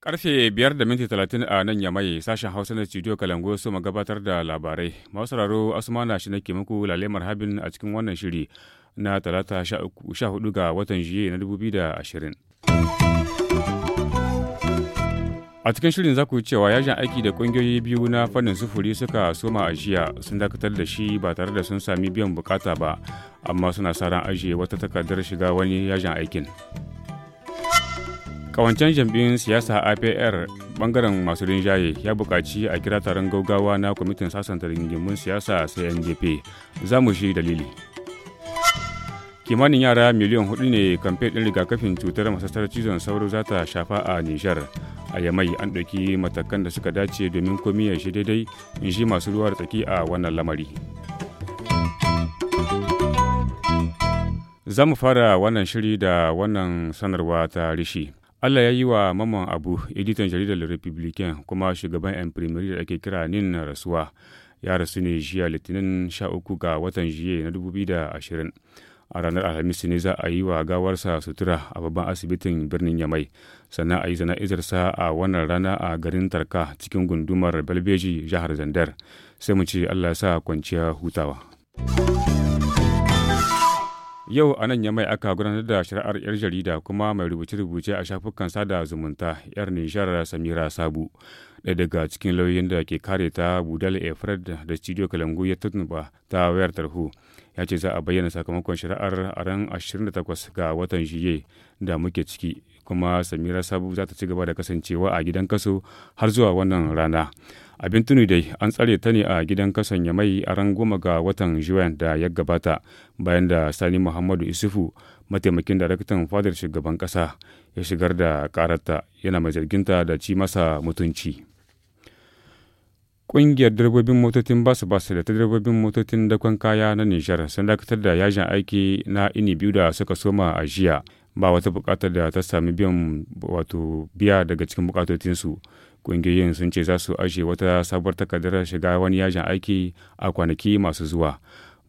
Karfe biyar da minti talatin a nan ya yamai sashen Hausa na studio Kalangu su gabatar da labarai. Masu asuma na shi nake muku lalemar habin a cikin wannan shiri na talata sha hudu ga watan Juye na dubu biyu da ashirin. a cikin shirin za ku cewa yajin aiki da kungiyoyi biyu na fannin sufuri suka soma ajiya sun dakatar da shi ba tare da sun sami biyan bukata ba amma suna sa ran ajiye wata takardar shiga wani yajin aikin kawancen jam'in siyasa apr bangaren masu rinjaye ya buƙaci a kira taron gaugawa na kwamitin sasanta rigingimun siyasa sai ndp za mu shi dalili kimanin yara miliyan hudu ne kamfe ɗin rigakafin cutar masasar cizon sauro zata shafa a nijar a yamai an ɗauki matakan da suka dace domin komi ya shi daidai in shi masu ruwa da tsaki a wannan lamari za mu fara wannan shiri da wannan sanarwa ta rishi allah ya yi wa maman abu editan jaridar republican kuma shugaban yan primary da ake kira nin rasuwa ya rasu ne jiya litinin 13 ga watan jiye na 2020 a ranar alhamis ne za a yi wa gawarsa sutura a babban asibitin birnin yamai sannan a yi zana'izarsa a wannan rana a garin tarka cikin gundumar belbeji jihar zandar sai mu ce allah sa kwanciya hutawa yau a nan yamai aka gudanar da shari'ar 'yar jarida kuma mai rubuce-rubuce a shafukan sada zumunta 'yar nishar samira sabu ɗaya daga cikin lauyoyin da ke kare ta budal efred da studio kalangu ya tuntuɓa ta wayar tarho ya ce za a bayyana sakamakon shari'ar a ran 28 ga watan juye da muke ciki kuma samira sabu za ta ci gaba da kasancewa a gidan kaso har zuwa wannan rana abin tuni dai an tsare ta ne a gidan kasan ya mai a ran goma ga watan juwan da ya gabata bayan da sani muhammadu isufu mataimakin daraktan fadar shugaban kasa ya shigar da karata yana mai zarginta da ci masa mutunci Ƙungiyar direbobin motocin basu basu da ta direbobin motocin dakon kaya na Nijar sun dakatar da yajin aiki na ini biyu da suka soma a jiya ba wata bukatar da ta sami biyan wato biya daga cikin bukatotinsu. ƙungiyoyin sun ce za su ajiye wata sabuwar takardar shiga wani yajin aiki a kwanaki masu zuwa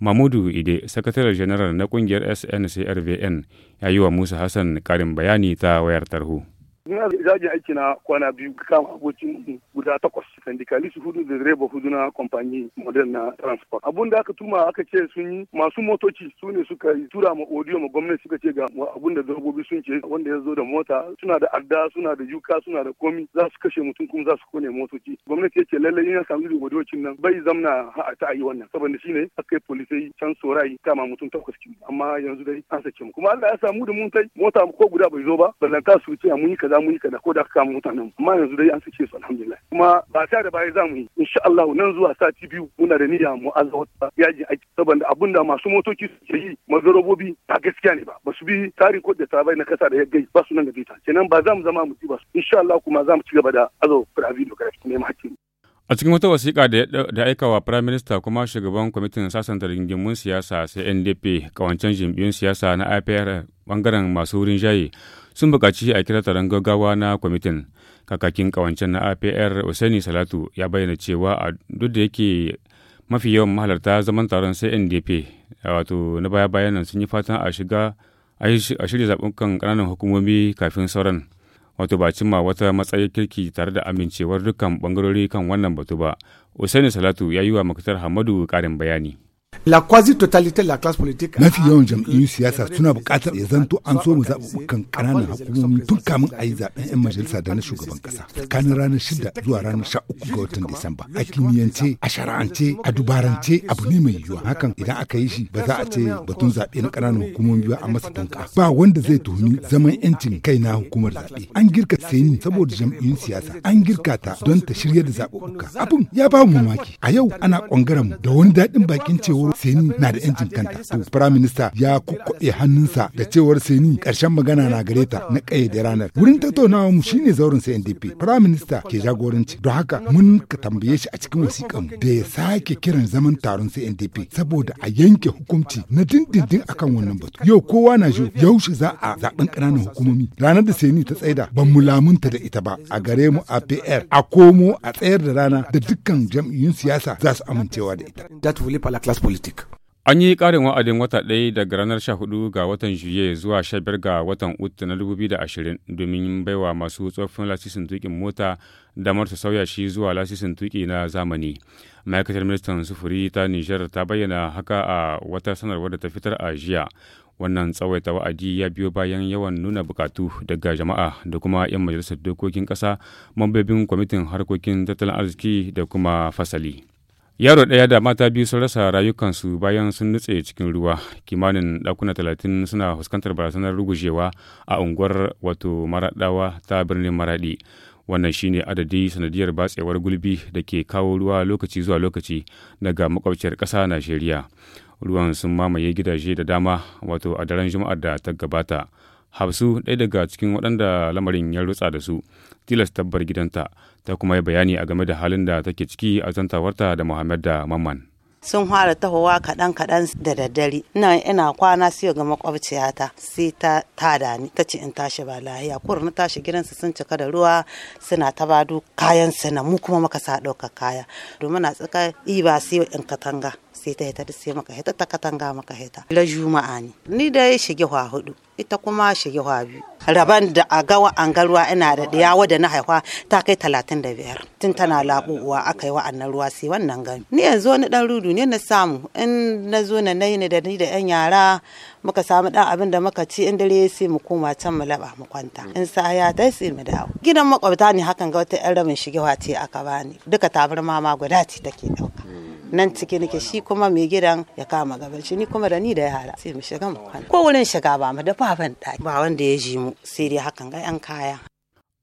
mamudu ide sakataren janar na ƙungiyar sncrvn ya yi wa musa hassan ƙarin bayani ta wayar tarhu. za a aiki na kwana biyu kama abokin guda takwas. Sandikalis hudu da direba hudu na kamfani model na transport. Abun da aka tuma aka ce sun yi masu motoci su ne suka yi tura ma odiyo ma gwamnati suka ce ga abun da direbobi sun ce wanda ya zo da mota suna da adda suna da yuka suna da komi za su kashe mutum kuma za su kone motoci. Gwamnati ya ce lallai ina samu direbobi nan bai zamna ha'a ta yi wannan saboda shine aka yi polisai can sorai kama mutum takwas amma yanzu dai an sake mu. Kuma Allah ya samu da mun kai mota ko guda bai zo ba ballanta su ce mun yi kaza zamu mu yi kada ko da aka kama mutanen amma yanzu dai an sake su alhamdulillah kuma ba ta da baya za mu yi insha Allah nan zuwa sati biyu muna da niyya mu azawata yaji aiki saboda abin da masu motoci suke yi mazarobobi ba gaskiya ne ba ba su bi tarin kodda ta bai na kasa da yaggai ba su nan ga bita kenan ba za mu zama mu ci ba insha Allah kuma za mu ci gaba da azawa fura video graphic ne mu A cikin wata wasiƙa da aika wa Prime Minister kuma shugaban kwamitin sasanta rigingimun siyasa sai NDP kawancen jam'iyyun siyasa na IPR bangaren masu wurin jaye sun buƙaci a kira taron gaggawa na kwamitin kakakin kawancen na apr usaini salatu ya bayyana cewa a duk da yake mafi yawan mahalarta zaman taron sai ndp wato na baya bayan nan sun yi fatan a shiga a shirya zaɓukan ƙananan hukumomi kafin sauran wato ba cimma wata matsayi kirki tare da amincewar dukkan bangarori kan wannan batu ba usaini salatu ya yi wa muktar hamadu ƙarin bayani La quasi-totalité la classe politique. Mafi yawan jam'iyyun siyasa suna buƙatar ya zanto an so mu zaɓuɓɓukan ƙananan hukumomi tun kamun a yi zaɓen 'yan majalisa da na shugaban ƙasa tsakanin ranar shida zuwa ranar sha uku ga watan Disamba. A kimiyyance, a shara'ance, a dubarance abu ne mai yiwuwa. Hakan idan aka yi shi ba za a ce batun zaɓe na ƙananan hukumomi ba a masa tunka. Ba wanda zai tuhumi zaman 'yancin kai na hukumar zaɓe. An girka seni saboda jam'iyyun siyasa. An girka ta don ta shirya da zaɓuɓɓuka. Abin ya ba mu mamaki. A yau ana ƙwangaren da wani daɗin bakin cewa yanzu Seni na da yancin kanta. To Prime Minister ya kukkuɗe hannunsa da cewar Seni ƙarshen magana na gare ta na da ranar. Wurin tattaunawa mu shine zaurin CNDP. Prime Minister ke jagoranci. Don haka mun ka tambaye shi a cikin wasiƙan da ya sake kiran zaman taron CNDP saboda a yanke hukunci na dindindin akan wannan batu. Yau kowa na shi yaushe za a zaɓen ƙananan hukumomi. Ranar da Seni ta tsaida ban mu lamunta da ita ba a gare mu a PR a komo a tsayar da rana da dukkan jam'iyyun siyasa za su amincewa da ita. politik. An yi ƙarin wa'adin wata ɗaya daga ranar 14 ga watan Juye zuwa 15 ga watan Ut na 2020 domin baiwa masu tsoffin lasisin tukin mota damar su sauya shi zuwa lasisin tuki na zamani. Ma'aikatar ministan sufuri ta Nijar ta bayyana haka a wata sanarwar da ta fitar a jiya. Wannan tsawaita wa'adi ya biyo bayan yawan nuna bukatu daga jama'a da kuma 'yan majalisar dokokin ƙasa, mambobin kwamitin harkokin tattalin arziki da kuma fasali. yaro ɗaya da mata biyu sun rasa rayukansu bayan sun nutse cikin ruwa kimanin ɗakuna talatin suna fuskantar barazanar rugujewa a unguwar wato maraɗawa ta birnin maraɗi wannan shine adadi sanadiyar batsewar gulbi da ke kawo ruwa lokaci zuwa lokaci daga makwabciyar ƙasa najeriya ruwan sun mamaye gidaje da dama wato a daren juma'ar da ta gabata hafsu ɗaya daga cikin waɗanda lamarin ya rutsa da su tilas tabbar gidanta ta kuma yi bayani a game da halin da take ciki a zantawarta da Muhammad da Mamman. sun fara tahowa kaɗan kaɗan da daddare ina ina kwana sai ga makwabciyata sai ta tada ni ta ce in tashi ba lahiya kur na tashi su sun cika da ruwa suna ta bado kayan na mu kuma muka sa ɗaukar kaya domin na tsaka iba sai in katanga sai ta hita sai maka hita ta katanga maka hita la juma'a ne ni da ya shige hwa hudu ita kuma shige hwa biyu raban da a gawa an garuwa ina da ɗaya wadda na haifa ta kai talatin da biyar tun tana uwa aka yi wa'annan ruwa sai wannan gami ni yanzu wani dan rudu ne na samu in na zo na nayi da ni da yan yara muka samu dan abin da muka ci in dare sai mu koma can mu laba mu kwanta in sa ya dai sai mu dawo gidan makwabta ne hakan ga wata yan rabin hwa ce aka bani duka tabarma mama guda ce take ɗauka nan ciki nake shi kuma mai gidan ya kama gaban shi ni kuma da ni da yara sai mu shiga mu ko wurin shiga ba mu da fafan ɗaki ba wanda ya ji mu sai dai hakan ga 'yan kaya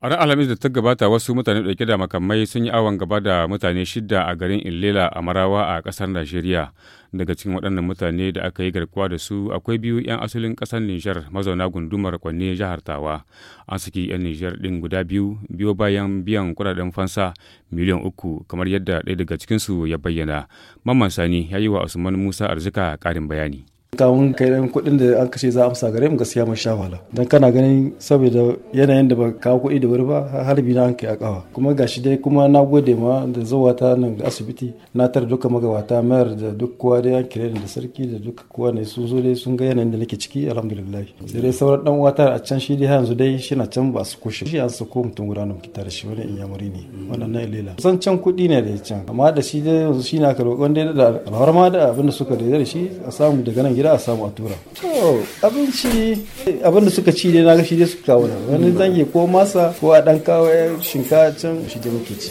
A ran Alhamis da ta gabata wasu mutane ɗauke da makamai sun yi awon gaba da mutane shida a garin Illela a Marawa a kasar Najeriya. Daga cikin waɗannan mutane da aka yi garkuwa da su akwai biyu 'yan asalin ƙasar Nijar mazauna gundumar Kwanne jihar Tawa. An saki 'yan Nijar ɗin guda biyu biyo bayan biyan kuɗaɗen fansa miliyan uku kamar yadda ɗaya daga cikinsu ya bayyana. Mamman Sani ya yi wa Usman Musa Arzika ƙarin bayani. kawun kai ɗan kuɗin da an kashe za a amsa gare mu gaskiya mun sha wahala dan kana ganin saboda yanayin da ba kawo kuɗi da wuri ba harbi na an kai a kawa kuma gashi dai kuma na gode ma da zuwa ta nan ga asibiti na tar duka magabata mayar da duk kowa dai an kire da sarki da duk kowa ne su zo dai sun ga yanayin da nake ciki alhamdulillah sai dai sauran dan uwata a can shi dai yanzu dai shi na can ba su kushe shi an sako mutum guda nan tare shi wani inyamuri ne wannan na ilela san can kuɗi ne da can amma da shi dai yanzu shi na karɓi wanda da alhawar ma da abinda suka da shi a samu daga nan gida gida a samu a tura abinci abin da suka ci dai na ga dai suka kawo wani zange ko masa ko a dan kawo shinkafa can shi dai muke ci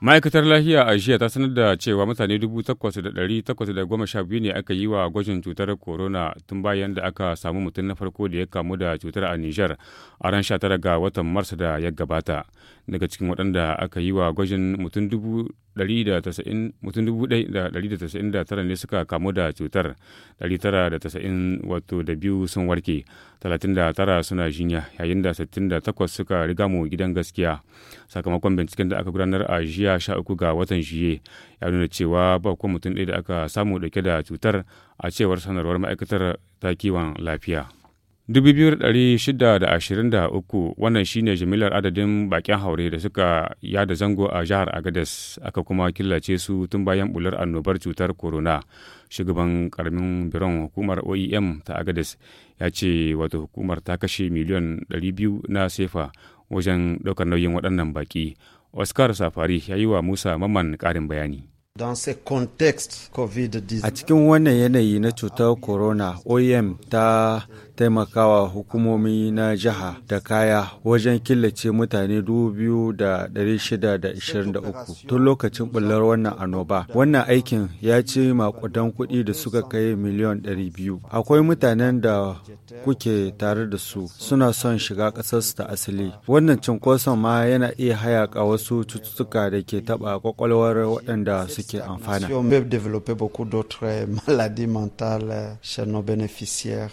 ma'aikatar lafiya a jiya ta sanar da cewa mutane 8,812 ne aka yi wa gwajin cutar corona tun bayan da aka samu mutum na farko da ya kamu da cutar a niger a ran 19 ga watan mars da ya gabata daga cikin waɗanda aka yi wa gwajin mutum tara ne suka kamu da cutar 990 wato da biyu sun warke 39 suna jinya yayin da 68 suka riga mu gidan gaskiya sakamakon binciken da aka gudanar a jiya 13 ga watan jiye ya nuna cewa ba kuma mutum ɗaya da aka samu dauke da cutar a cewar sanarwar ma'aikatar ta kiwon lafiya. 2,623 wannan shine jimillar adadin bakin haure da suka yada zango a jihar Agadez aka kuma killace su tun bayan bular annobar cutar corona. Shugaban karamin biron hukumar OEM ta Agadez ya ce wato hukumar ta kashe miliyan 200 na sefa wajen ɗaukar nauyin waɗannan baƙi. Oscar Safari ya yi wa Musa Maman ƙarin bayani. A cikin wannan yanayi na cutar corona, OEM ta taimakawa hukumomi na jiha da kaya wajen killace mutane 2,623 tun lokacin bullar wannan annoba. Wannan aikin ya ci makudan kuɗi da suka kai miliyan 200. Akwai mutanen da kuke tare da su suna son shiga ƙasarsu ta asali. Wannan cinkoson ma yana iya hayaƙa wasu cututtuka da ke taɓa kwakwalwar waɗanda su suke amfana. On peut développer beaucoup d'autres euh, maladies mentales euh, chez nos bénéficiaires.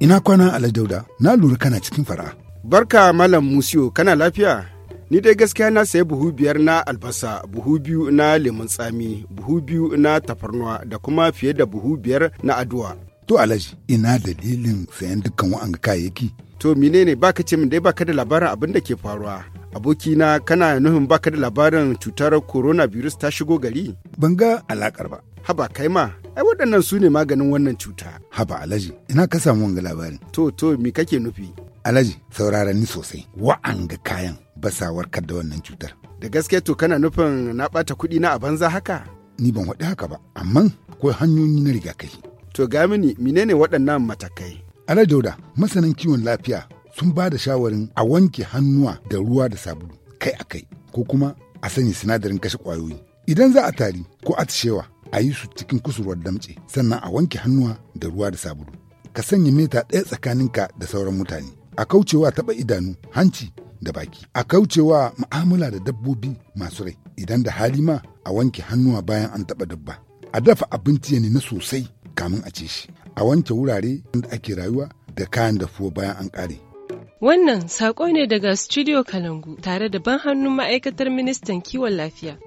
Ina kwana Aladauda, na lura kana cikin fara. Barka Malam Musiyo, kana lafiya? Ni dai gaskiya na sayi buhu biyar na albasa, buhu biyu na lemun tsami, buhu biyu na tafarnuwa da kuma fiye da buhu biyar na aduwa. To Alhaji, ina dalilin sayan dukkan wa'an kayayyaki. To menene baka ce min dai baka da labarin abin da ke faruwa. abokina kana nufin baka da labarin cutar coronavirus ta shigo gari? Ban ga alakar ba. Haba kai ma, ai waɗannan su ne maganin wannan cuta. Haba Alhaji, ina ka samu wanga labarin. To, to, me kake nufi? Alhaji, saurara ni sosai, wa'anga kayan basawar da wannan cutar. Da gaske to kana nufin na bata kuɗi na a banza haka? Ni ban waɗi haka ba, amma akwai hanyoyi na rigakafi. To ga mini, menene waɗannan matakai? Alhaji Dauda, masanin kiwon lafiya sun ba da shawarin a wanke hannuwa da ruwa da sabulu kai a kai ko kuma a sanya sinadarin kashe kwayoyi. idan za a tari ko a atishewa a yi su cikin kusurwar damce sannan a wanke hannuwa da ruwa da sabulu ka sanya mita ɗaya tsakaninka da sauran mutane a kaucewa taɓa idanu hanci da baki a kaucewa mu'amala da dabbobi masu rai idan da hali ma a wanke hannuwa bayan an taɓa dabba a dafa abinci ya na sosai kamin a ce shi a wanke wurare da ake rayuwa da kayan dafuwa bayan an ƙare Wannan saƙo ne daga Studio Kalangu tare da ban hannun ma'aikatar ministan kiwon lafiya.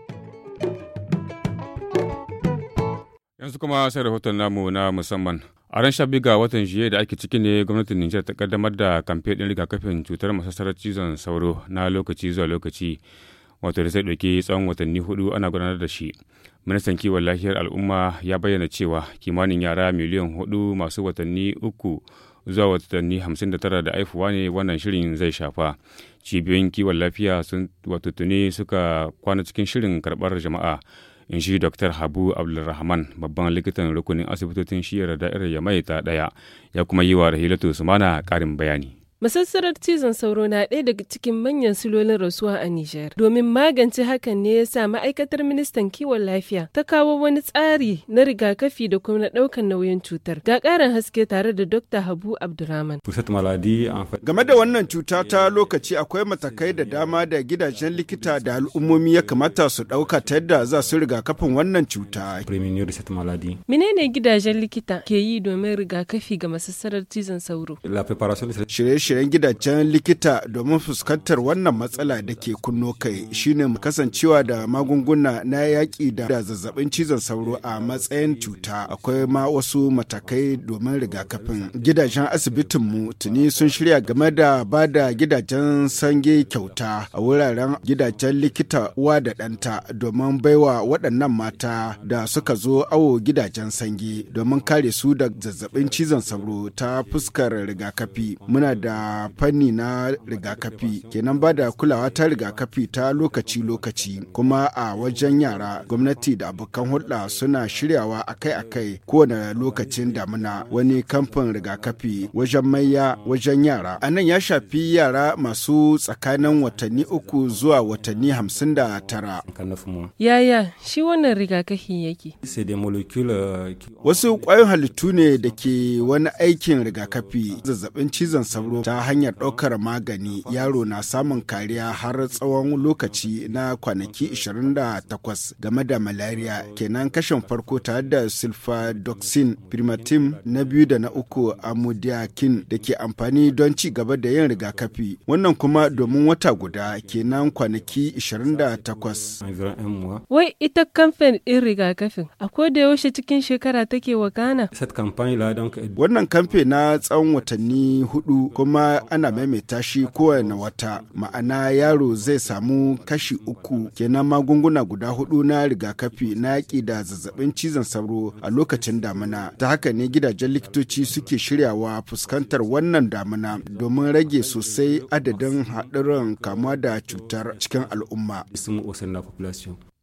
Yanzu kuma sai rahoton namu na musamman. A ran sha ga watan jiye da ake ciki ne gwamnatin Nijar ta kaddamar da kamfe ɗin rigakafin cutar masassarar cizon sauro na lokaci zuwa lokaci. Wato da zai ɗauki tsawon watanni hudu ana gudanar da shi. Ministan kiwon lafiyar al'umma ya bayyana cewa kimanin yara miliyan hudu masu watanni uku zuwa watanni 59 da tara da haifuwa ne wannan shirin zai shafa cibiyoyin kiwon lafiya sun watattuni suka kwana cikin shirin karɓar jama'a in shi dr habu abdulrahman babban likitan rukunin asibitocin shiyar da'irar yamai ta ɗaya ya kuma yi wa rahilatu sumana karin bayani Masassarar cizon sauro na ɗaya daga cikin manyan silolin rasuwa a Nijar. Domin magance hakan ne ya sa ma'aikatar ministan kiwon lafiya ta kawo wani tsari na rigakafi da kuma na ɗaukar nauyin cutar. Ga ƙarin haske tare da Dr. Habu abdulrahman. Game da wannan cuta ta lokaci akwai matakai da dama da gidajen likita da al'ummomi ya kamata su ɗauka ta yadda za su rigakafin wannan cuta. Menene gidajen likita ke yi domin rigakafi ga masassarar cizon sauro? shirye-shiryen gidajen likita domin fuskantar wannan matsala da ke kunno kai shine kasancewa da magunguna na yaƙi da zazzabin cizon sauro a matsayin cuta akwai ma wasu matakai domin rigakafin gidajen asibitin mu tuni sun shirya game da ba da gidajen sange kyauta a wuraren gidajen likita uwa da ɗanta domin baiwa waɗannan mata da suka zo awo gidajen sange domin kare su da zazzabin cizon sauro ta fuskar rigakafi muna da a fanni na rigakafi kenan ba da kulawa ta rigakafi ta lokaci-lokaci kuma a wajen yara gwamnati da abokan hulɗa suna shiryawa akai-akai kowane lokacin damuna wani kamfan rigakafi wajen maiya wajen yara a nan ya shafi yara masu tsakanin watanni uku zuwa watanni hamsin da tara yaya shi wannan rigakafi yake euh, wasu ƙwayoyin halittu ne da ke wani aikin rigakafi zazzabin cizon sauro ta hanyar ɗaukar magani yaro na samun kariya har tsawon lokaci na kwanaki 28 game da malaria kenan kashin farko tare da sulfadoxin primatim na biyu da na uku amodiakin da ke amfani don ci gaba da yin rigakafi wannan kuma domin wata guda kenan kwanaki 28 wai ita kamfen ɗin rigakafin a da yaushe cikin shekara take wakana wannan kamfe na tsawon watanni hudu kuma kuma ana maimaita shi kowane wata ma'ana yaro zai samu kashi uku kenan magunguna guda hudu na rigakafi na yaƙi da zazzabin cizon sauro a lokacin damina ta haka ne gidajen likitoci suke shiryawa fuskantar wannan damina domin rage sosai adadin haɗarin kamuwa da cutar cikin al'umma.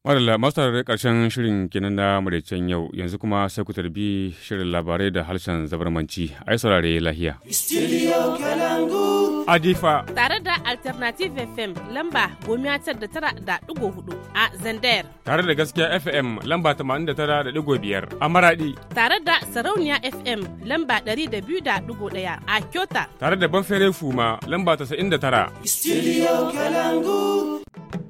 Madalla masu tare karshen shirin kenan na maraicen yau yanzu kuma sai ku tarbi shirin labarai da harshen zabarmanci a yi saurare lahiya. Studio Kalangu. Adifa. Tare da Alternative FM lamba gomiya tar da tara da digo hudu a Zandayar. Tare da gaskiya FM lamba tamanin da tara da digo biyar a Maradi. Tare da Sarauniya FM lamba ɗari da biyu da digo ɗaya a Kyota. Tare da Banfere Fuma lamba tasa'in da tara. Studio Kalangu.